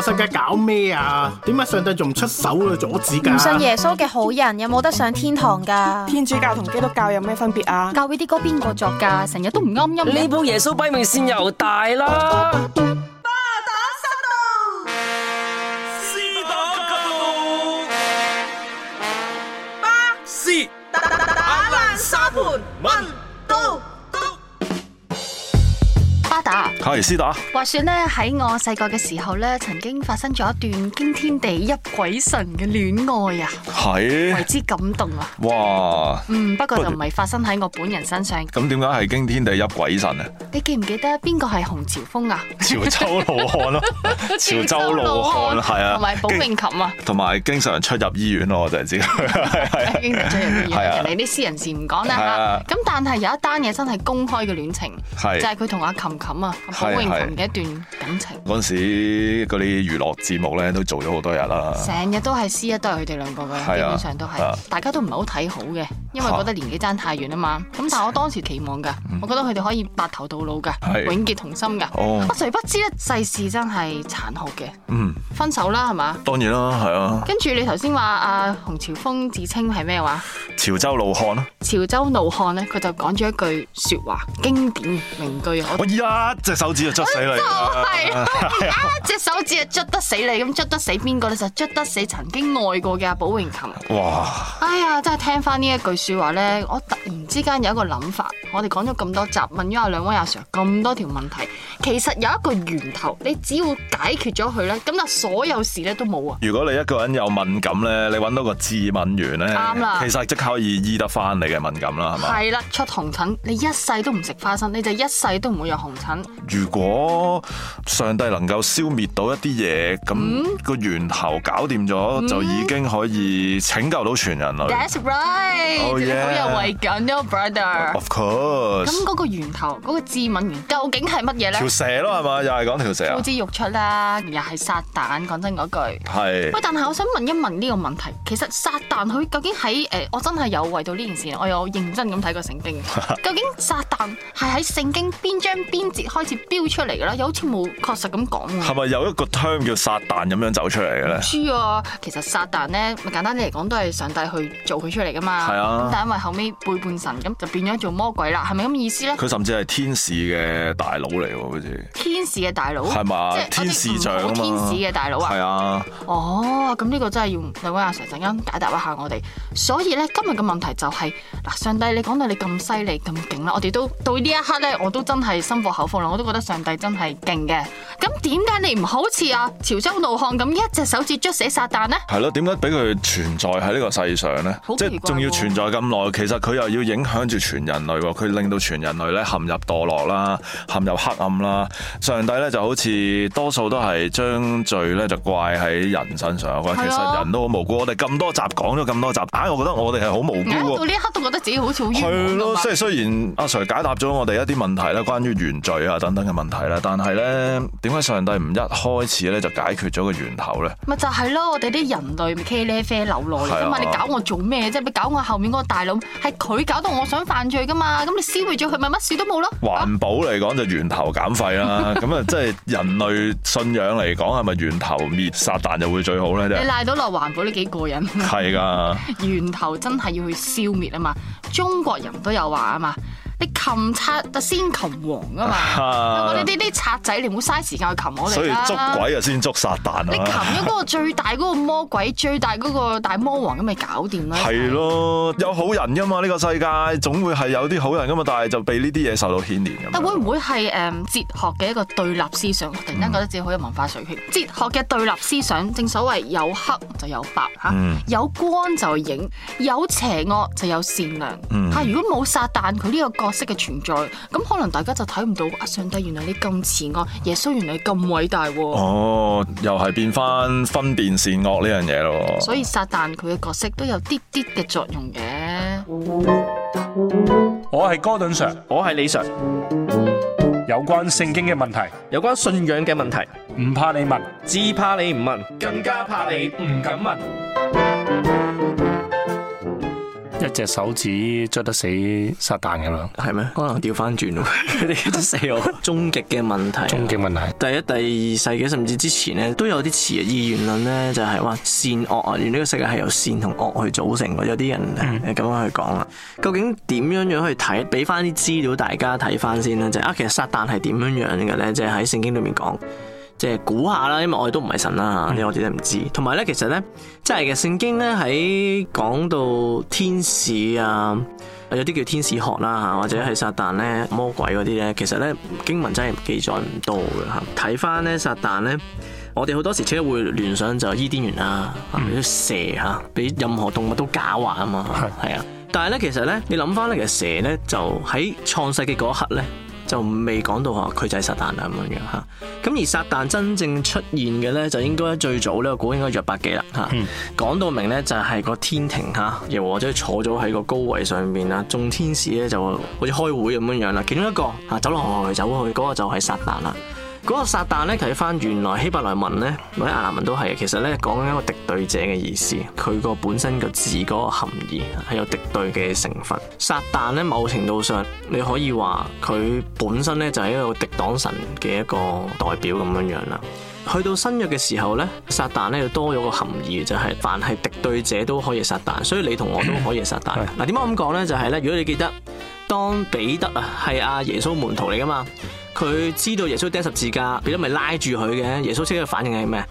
世界搞咩啊？點解上帝仲唔出手去阻止㗎？唔信耶穌嘅好人有冇得上天堂㗎？天主教同基督教有咩分別啊？教會啲歌邊個作㗎？成日都唔啱音。呢部耶穌碑命線又大啦。卡瑞斯達，話說咧喺我細個嘅時候咧，曾經發生咗一段驚天地泣鬼神嘅戀愛啊，係為之感動啊，哇，嗯，不過就唔係發生喺我本人身上。咁點解係驚天地泣鬼神啊？你記唔記得邊個係洪朝豐啊？潮州老漢咯，潮州老漢係啊，同埋寶詠琴啊，同埋經常出入醫院咯，我就係知，係係，經常出入醫院，人哋啲私人事唔講啦吓。咁但係有一單嘢真係公開嘅戀情，係就係佢同阿琴琴。啊！好唔同嘅一段感情。嗰陣時，嗰啲娛樂節目咧都做咗好多日啦。成日都係 C 一，都係佢哋兩個嘅，基本上都係大家都唔係好睇好嘅，因為覺得年紀爭太遠啊嘛。咁但係我當時期望㗎，我覺得佢哋可以白頭到老㗎，對永結同心㗎。哦、我誰不知咧，世事真係殘酷嘅。嗯、分手啦，係嘛？當然啦，係啊。跟住你頭先話阿洪朝峰自稱係咩話？潮州老漢啦、啊。潮州老漢呢，佢就講咗一句説話，經典名句可以啊。一隻手指就捽死你，就係 一隻手指就捽得死你，咁捽得死邊個咧？就捽得死曾經愛過嘅阿寶榮琴。哇！哎呀，真係聽翻呢一句説話咧，我突然之間有一個諗法。我哋講咗咁多集，問咗阿兩位阿 Sir 咁多條問題，其實有一個源頭，你只要解決咗佢咧，咁就所有事咧都冇啊。如果你一個人有敏感咧，你揾到個致敏源咧，啱啦了，其實即刻可以醫得翻你嘅敏感啦，係咪？係啦，出紅疹，你一世都唔食花生，你就一世都唔會有紅疹。如果上帝能夠消滅到一啲嘢，咁個源頭搞掂咗，就已經可以拯救到全人類。That's right，我有為緊，brother。Of course。咁嗰個源頭，嗰個致敏源究竟係乜嘢咧？條蛇咯，係嘛？又係講條蛇。呼之欲出啦，又係撒旦。講真嗰句。係。喂，但係我想問一問呢個問題，其實撒旦佢究竟喺誒，我真係有為到呢件事，我有認真咁睇過聖經。究竟撒旦係喺聖經邊章邊節？開始飆出嚟啦，又好似冇確實咁講喎。係咪有一個 term 叫撒旦咁樣走出嚟嘅咧？唔知啊，其實撒旦咧，咪簡單啲嚟講都係上帝去做佢出嚟噶嘛。係是啊，但係因為後尾背叛神，咁就變咗做魔鬼啦。係咪咁意思咧？佢甚至係天使嘅大佬嚟喎，好似。天使嘅大佬？係嘛吧？即係是天使長啊，天使嘅大佬是啊。係啊。哦，咁呢個真係要兩位阿神陣間解答一下我哋。所以咧，今日嘅問題就係、是、嗱，上帝你你，你講到你咁犀利、咁勁啦，我哋都到呢一刻咧，我都真係心服口服。我都覺得上帝真係勁嘅，咁點解你唔好似阿潮州怒漢咁一,一隻手指捉死撒旦呢？係咯，點解俾佢存在喺呢個世上呢？即係仲要存在咁耐，其實佢又要影響住全人類喎。佢令到全人類咧陷入墮落啦，陷入黑暗啦。上帝咧就好似多數都係將罪咧就怪喺人身上，我覺得其實人都好無辜。我哋咁多集講咗咁多集，啊，我覺得我哋係好無辜喎，啊。到呢一刻都覺得自己好似好冤枉咁。係咯，即係雖然阿 Sir 解答咗我哋一啲問題啦，關於原罪。啊，等等嘅問題啦，但係咧點解上帝唔一開始咧就解決咗個源頭咧？咪就係咯，我哋啲人類咪茄喱啡流落嚟，噶嘛。是啊、你搞我做咩啫？你搞我後面嗰個大佬，係佢搞到我想犯罪噶嘛？咁你消滅咗佢，咪乜事都冇咯？環保嚟講就源頭減廢啦，咁啊即係人類信仰嚟講係咪源頭滅撒旦就會最好咧？ 你賴到落環保都幾過癮，係噶，源頭真係要去消滅啊嘛！中國人都有話啊嘛。你擒賊就先擒王啊嘛！我哋呢啲賊仔，你唔好嘥時間去擒我哋。所以捉鬼啊，先捉撒旦。你擒咗嗰個最大嗰個魔鬼，最大嗰個大魔王咁咪搞掂啦？係咯，有好人噶嘛？呢個世界總會係有啲好人噶嘛，但係就被呢啲嘢受到牽連。但會唔會係誒哲學嘅一個對立思想？我突然間覺得自己好有文化水平。哲學嘅對立思想，正所謂有黑就有白嚇，有光就影，有邪惡就有善良嚇。如果冇撒旦佢呢個角色嘅存在，咁可能大家就睇唔到啊！上帝原來你咁慈愛，耶穌原來咁偉大喎、啊。哦，又係變翻分辨善惡呢樣嘢咯。所以撒旦佢嘅角色都有啲啲嘅作用嘅。我係哥頓 Sir，我係李 Sir。有關聖經嘅問題，有關信仰嘅問題，唔怕你問，只怕你唔問，更加怕你唔敢問。一隻手指捉得死撒旦咁樣，係咩？可能掉翻轉咯，佢哋捉死我。終極嘅問題，終極問題。第一、第二世紀甚至之前咧，都有啲二元論咧，就係、是、話善惡啊，原呢個世界係由善同惡去組成，嘅。有啲人咁、嗯、樣去講啦。究竟點樣樣去睇？俾翻啲資料大家睇翻先啦，就啊、是，其實撒旦係點樣樣嘅咧，即係喺聖經裏面講。即係估下啦，因為我哋都唔係神啦，嗯、我哋都唔知。同埋咧，其實咧真係嘅，聖經咧喺講到天使啊，有啲叫天使學啦、啊、吓，或者係撒旦咧、魔鬼嗰啲咧，其實咧經文真係記載唔到嘅吓。睇翻咧撒旦咧，我哋好多時只會聯想就伊甸園啦、啊，啲、嗯、蛇吓、啊，比任何動物都狡猾啊嘛。係啊、嗯的，但係咧其實咧，你諗翻咧，其實呢呢蛇咧就喺創世嘅嗰一刻咧。就未講到話佢就係撒旦啦咁樣樣嚇，咁而撒旦真正出現嘅呢，就應該最早呢我估應該約百幾啦嚇。講到、嗯、明呢，就係個天庭嚇，又或者坐咗喺個高位上面啊，眾天使呢，就好似開會咁樣樣啦，其中一個啊走，走去走去嗰個就係撒旦啦。嗰個撒旦咧，睇翻原來希伯來文咧，或者亞蘭文都係，其實咧，講緊一個敵對者嘅意思，佢個本身個字嗰個含義係有敵對嘅成分。撒旦咧，某程度上你可以話佢本身咧就係、是、一個敵擋神嘅一個代表咁樣樣啦。去到新約嘅時候咧，撒旦咧就多咗個含義就係、是、凡係敵對者都可以撒旦，所以你同我都可以撒旦。嗱，點解咁講咧？就係、是、咧，如果你記得當彼得啊係阿耶穌門徒嚟噶嘛。佢知道耶穌釘十字架，彼得咪拉住佢嘅？耶穌車嘅反應係咩？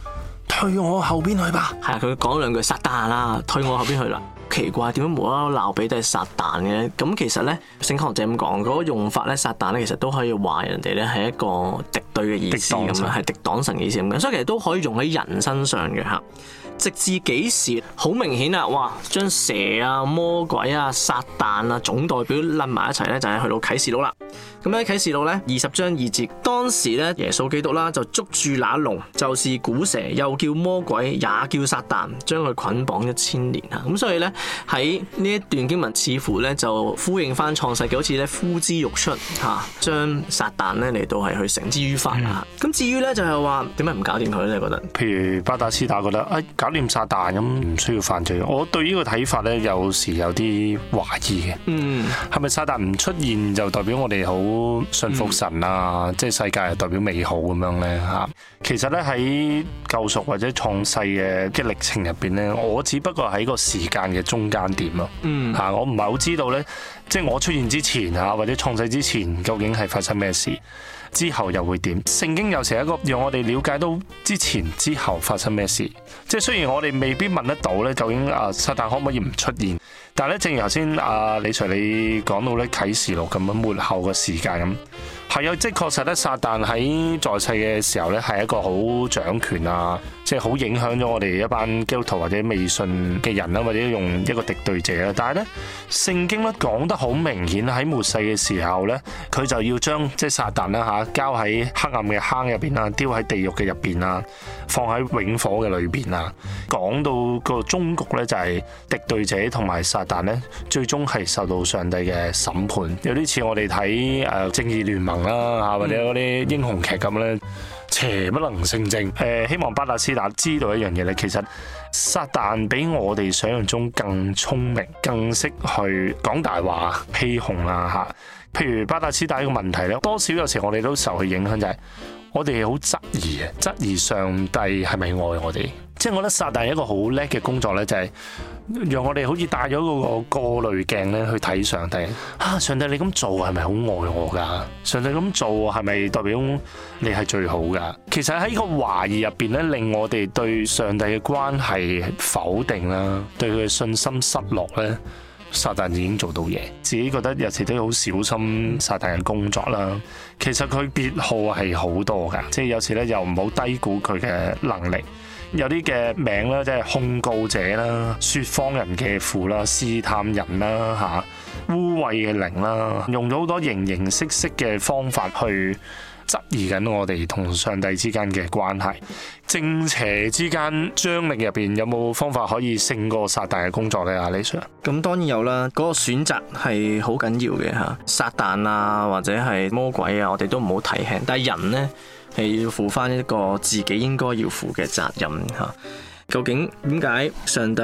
退我後邊去吧。係啊，佢講咗兩句撒但啦，退我後邊去啦。奇怪，點解無啦啦鬧彼得係撒但嘅？咁其實咧，聖經學就咁講，嗰、那個用法咧，撒但咧其實都可以話人哋咧係一個敵對嘅意思咁樣，係敵擋神，敵擋神意思咁樣，所以其實都可以用喺人身上嘅嚇。直至幾時？好明顯啦，哇！將蛇啊、魔鬼啊、撒旦啊，總代表攬埋一齊咧，就係去到啟示錄啦。咁喺啟示錄咧，二十章二節，當時咧耶穌基督啦就捉住那龍，就是古蛇，又叫魔鬼，也叫撒旦，將佢捆綁一千年啊。咁所以咧喺呢一段經文，似乎咧就呼應翻創世記，好似咧呼之欲出吓，啊，將撒旦咧嚟到係去繩之於法啊。咁、嗯、至於咧就係話，點解唔搞掂佢咧？你覺得？譬如巴打絲打覺得啊。念撒旦咁唔需要犯罪，我對呢個睇法呢，有時有啲懷疑嘅。嗯，係咪撒旦唔出現就代表我哋好信服神啊？嗯、即係世界係代表美好咁樣呢？吓、嗯，其實呢，喺救贖或者創世嘅即係歷程入邊呢，我只不過喺個時間嘅中間點咯。嗯，吓我唔係好知道呢，即係我出現之前啊，或者創世之前究竟係發生咩事？之後又會點？聖經又成一個讓我哋了解到之前之後發生咩事，即係雖然我哋未必問得到咧，究竟啊撒旦可唔可以唔出現？但係咧，正如頭先啊李 Sir 你講到咧，啟示錄咁樣末後嘅時間咁。係啊，即係確實咧，撒旦喺在，在世嘅時候咧，係一個好掌權啊，即係好影響咗我哋一班基督徒或者未信嘅人啦，或者用一個敵對者啦。但係咧，聖經咧講得好明顯，喺末世嘅時候咧，佢就要將即係撒旦啦吓、啊，交喺黑暗嘅坑入邊啦，丟喺地獄嘅入邊啦，放喺永火嘅裏邊啦。講到個終局咧，就係、是、敵對者同埋撒旦咧，最終係受到上帝嘅審判。有啲似我哋睇誒正義聯盟。啦，嚇或者嗰啲英雄劇咁咧，邪不能勝正。誒，希望巴達斯達知道一樣嘢咧，其實撒旦比我哋想像中更聰明，更識去講大話、欺哄啦嚇。譬如巴達斯達呢個問題咧，多少有時我哋都受佢影響就係、是。我哋好質疑啊，質疑上帝係咪愛我哋？即係我覺得撒但一個好叻嘅工作呢就係讓我哋好似戴咗嗰個過濾鏡咧去睇上帝。啊，上帝你咁做係咪好愛我噶？上帝咁做係咪代表你係最好噶？其實喺呢個懷疑入邊呢，令我哋對上帝嘅關係否定啦，對佢嘅信心失落呢。撒旦已經做到嘢，自己覺得有時都要好小心撒旦嘅工作啦。其實佢別號係好多㗎，即係有時咧又唔好低估佢嘅能力。有啲嘅名咧，即係控告者啦、説謊人嘅父啦、試探人啦、嚇污穢嘅靈啦，用咗好多形形色色嘅方法去。質疑緊我哋同上帝之間嘅關係，正邪之間張力入邊有冇方法可以勝過撒旦嘅工作呢？阿李 Sir，咁當然有啦，嗰、嗰個選擇係好緊要嘅吓，撒旦啊或者係魔鬼啊，我哋都唔好睇輕，但係人呢，係要負翻一個自己應該要負嘅責任吓。究竟點解上帝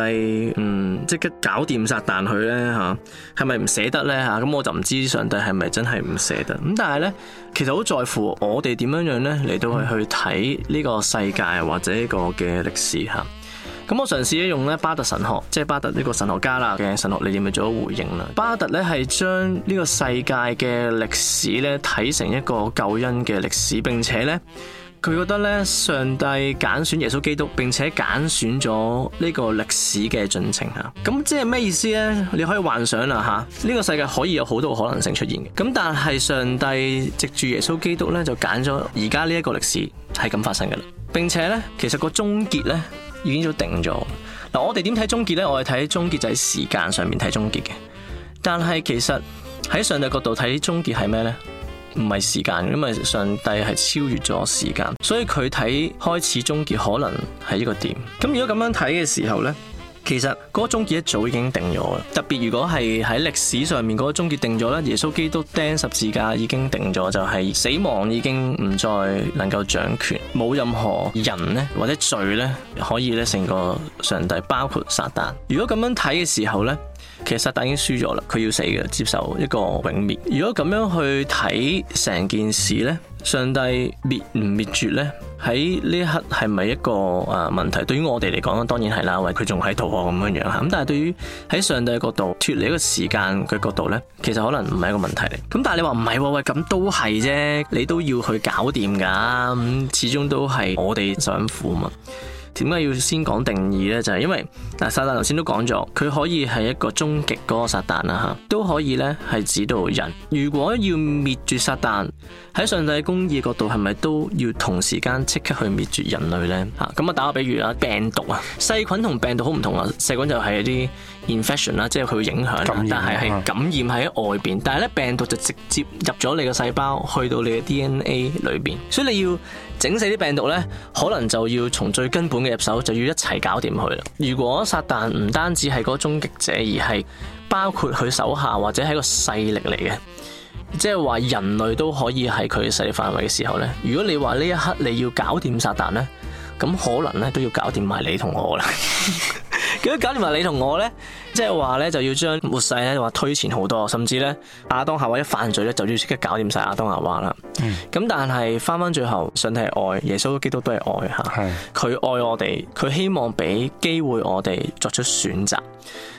唔即刻搞掂撒旦佢呢？吓，係咪唔捨得呢？吓？咁我就唔知上帝係咪真係唔捨得。咁但係呢，其實好在乎我哋點樣樣咧嚟，到去睇呢個世界或者呢個嘅歷史吓。咁我嘗試用咧巴特神學，即係巴特呢個神學家啦嘅神學理念去做咗回應啦。巴特呢係將呢個世界嘅歷史呢睇成一個救恩嘅歷史，並且呢。佢覺得咧，上帝揀選耶穌基督，並且揀選咗呢個歷史嘅進程嚇。咁即係咩意思咧？你可以幻想一下，呢個世界可以有好多可能性出現嘅。咁但係上帝藉住耶穌基督咧，就揀咗而家呢一個歷史係咁發生噶啦。並且咧，其實個終結咧已經都定咗。嗱，我哋點睇終結咧？我哋睇終結就喺時間上面睇終結嘅。但係其實喺上帝角度睇終結係咩咧？唔係時間，因為上帝係超越咗時間，所以佢睇開始終結可能係呢個點。咁如果咁樣睇嘅時候呢，其實嗰個終結一早已經定咗啦。特別如果係喺歷史上面嗰個終結定咗咧，耶穌基督釘十字架已經定咗，就係、是、死亡已經唔再能夠掌權，冇任何人呢或者罪呢可以呢成個上帝包括撒旦。如果咁樣睇嘅時候呢。其實撒但已經輸咗啦，佢要死嘅，接受一個永滅。如果咁樣去睇成件事呢，上帝滅唔滅絕呢？喺呢一刻係咪一個誒問題？對於我哋嚟講，當然係啦，喂，佢仲喺逃學咁樣樣。咁但係對於喺上帝嘅角度，脫離一個時間嘅角度呢，其實可能唔係一個問題嚟。咁但係你話唔係喎，喂，咁都係啫，你都要去搞掂噶，咁始終都係我哋想苦嘛。點解要先講定義呢？就係因為嗱，撒旦頭先都講咗，佢可以係一個終極嗰個撒旦啦嚇，都可以呢，係指到人。如果要滅絕撒旦，喺上帝公義角度係咪都要同時間即刻去滅絕人類呢？嚇咁啊！打個比喻啦，病毒啊，細菌同病毒好唔同啊，細菌就係一啲 infection 啦，感染,即係佢會影響，但係係感染喺外邊，嗯、但係咧病毒就直接入咗你個細胞，去到你嘅 DNA 裏邊，所以你要整死啲病毒呢，可能就要從最根本嘅入手，就要一齊搞掂佢啦。如果撒旦唔單止係嗰個終極者，而係包括佢手下或者係個勢力嚟嘅，即係話人類都可以係佢勢力範圍嘅時候呢。如果你話呢一刻你要搞掂撒旦呢，咁可能咧都要搞掂埋你同我啦。 如果搞掂埋你同我咧，即係話咧就要將末世咧話推前好多，甚至咧亞當夏娃一犯罪咧就要即刻搞掂晒亞當夏娃啦。咁、嗯、但係翻翻，最後，上帝係愛，耶穌基督都係愛吓，佢是愛我哋，佢希望俾機會我哋作出選擇。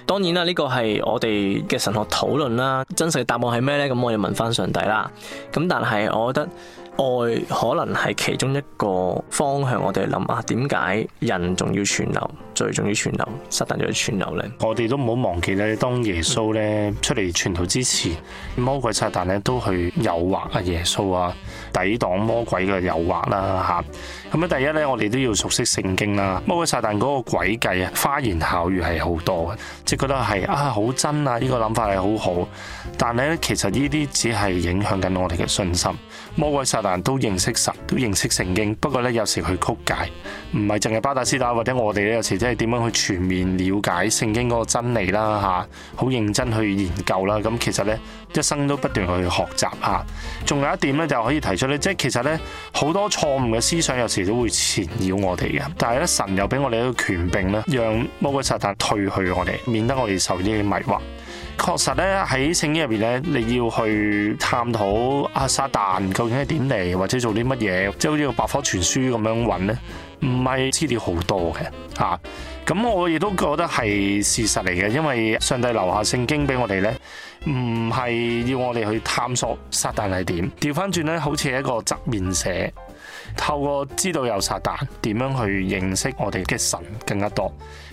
當然啦，呢個係我哋嘅神學討論啦，真實嘅答案係咩咧？咁我要問翻上帝啦。咁但係我覺得。愛可能係其中一個方向我，我哋諗下點解人仲要傳流，最重要傳流，撒旦仲要傳流咧？我哋都唔好忘記咧，當耶穌呢出嚟傳道之前，魔鬼撒旦呢都去誘惑啊耶穌啊，抵擋魔鬼嘅誘惑啦、啊、吓。咁第一咧，我哋都要熟悉聖經啦。魔鬼撒旦嗰個詭計啊，花言巧語係好多嘅，即係覺得係啊好真啊！呢個諗法係好好，但係咧，其實呢啲只係影響緊我哋嘅信心。魔鬼撒旦都認識神，都認識，都認識聖經，不過咧，有時佢曲解，唔係淨係巴打斯打，或者我哋咧有時即係點樣去全面了解聖經嗰個真理啦吓，好認真去研究啦。咁其實咧，一生都不斷去學習吓，仲有一點咧，就可以提出咧，即係其實咧好多錯誤嘅思想，有時都會纏繞我哋嘅，但係咧，神又俾我哋一個權柄咧，讓魔鬼撒旦退去我哋，免得我哋受呢啲迷惑。確實咧喺聖經入邊咧，你要去探討阿、啊、撒旦究竟係點嚟，或者做啲乜嘢，即係好似個百科全書咁樣揾咧，唔係資料好多嘅吓。咁、啊、我亦都覺得係事實嚟嘅，因為上帝留下聖經俾我哋咧，唔係要我哋去探索撒旦係點，調翻轉咧，好似係一個側面寫。透過知道有撒旦，點樣去認識我哋嘅神更加多。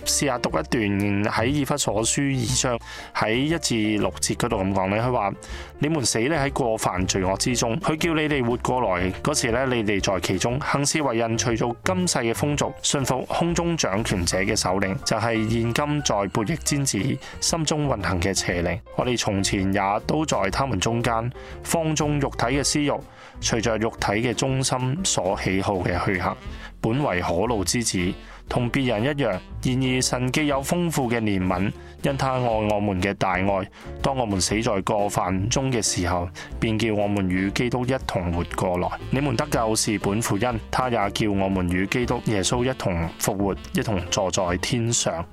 試下讀一段喺以弗所書二章喺一至六節嗰度，咁講呢，佢話：你們死咧喺過犯罪惡之中，佢叫你哋活過來嗰時咧，你哋在其中，行事為人隨做今世嘅風俗，信服空中掌權者嘅首領，就係、是、現今在悖逆之子心中運行嘅邪靈。我哋從前也都在他們中間，放縱肉體嘅私慾，隨著肉體嘅中心所喜好嘅去行，本為可怒之子。同別人一樣，然而神既有豐富嘅憐憫，因他愛我們嘅大愛，當我們死在過犯中嘅時候，便叫我們與基督一同活過來。你們得救是本乎恩，他也叫我們與基督耶穌一同復活，一同坐在天上。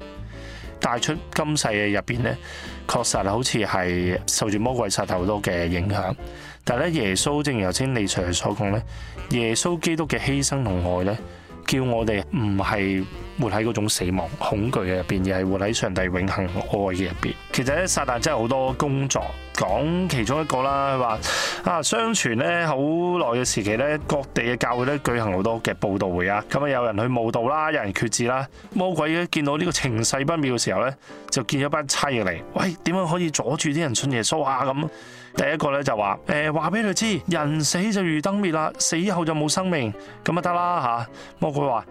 帶出今世嘅入邊呢，確實好似係受住魔鬼殺頭多嘅影響，但係咧耶穌正如頭先李 sir 所講呢，耶穌基督嘅犧牲同愛呢。叫我哋唔係活喺嗰種死亡恐懼嘅入邊，而係活喺上帝永恆愛嘅入邊。其實咧，撒旦真係好多工作，講其中一個啦，話啊，相傳咧，好耐嘅時期咧，各地嘅教會咧舉行好多嘅佈道會啊，咁啊有人去慕道啦，有人決志啦，魔鬼咧見到呢個情勢不妙嘅時候咧，就見一班差人嚟，喂點樣可以阻住啲人信耶穌啊？咁第一個咧就話誒，話俾佢知，人死就如燈滅啦，死後就冇生命，咁啊得啦吓。魔鬼話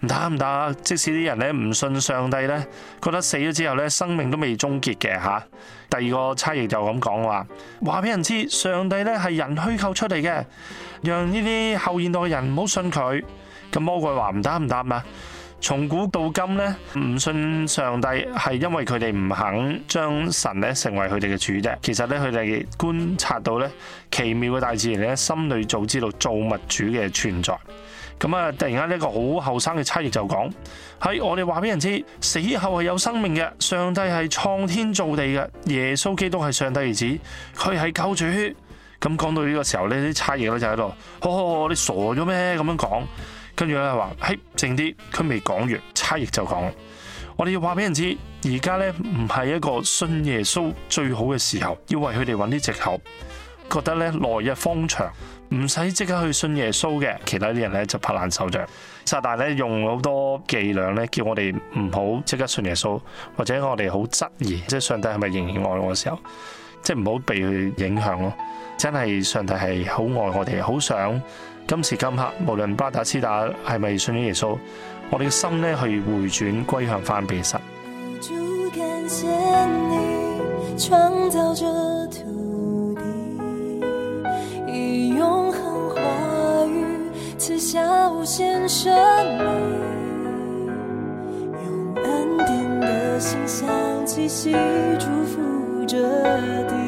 唔得唔得，即使啲人咧唔信上帝咧，覺得死咗之後咧生命都未終結嘅。吓，第二個差役，就咁講話話俾人知上帝呢係人虛構出嚟嘅，讓呢啲後現代嘅人唔好信佢。咁魔鬼話唔得唔得嘛，從古到今呢，唔信上帝係因為佢哋唔肯將神呢成為佢哋嘅主啫。其實呢，佢哋觀察到呢奇妙嘅大自然呢心裏早知道造物主嘅存在。咁啊，突然間呢一個好後生嘅差役就講：，係我哋話俾人知，死後係有生命嘅，上帝係創天造地嘅，耶穌基督係上帝兒子，佢係救主。咁講到呢個時候呢啲差役咧就喺度：，呵呵，你傻咗咩，咁樣講，跟住咧話：，嘿，靜啲，佢未講完，差役就講：，我哋要話俾人知，而家咧唔係一個信耶穌最好嘅時候，要為佢哋揾啲藉口，覺得咧來日方長。唔使即刻去信耶穌嘅，其他啲人咧就拍爛手掌。撒但咧用好多伎倆咧，叫我哋唔好即刻信耶穌，或者我哋好質疑，即係上帝係咪仍然愛我嘅時候，即係唔好被佢影響咯。真係上帝係好愛我哋，好想今時今刻，無論巴打斯打係咪信咗耶穌，我哋嘅心咧去回轉歸向翻俾神。 小先生，用安定的心象氣息祝福着你。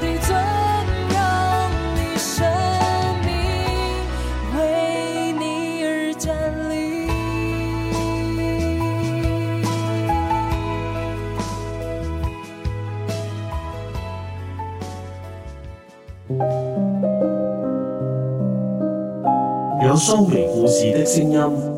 蘇眉故事的聲音。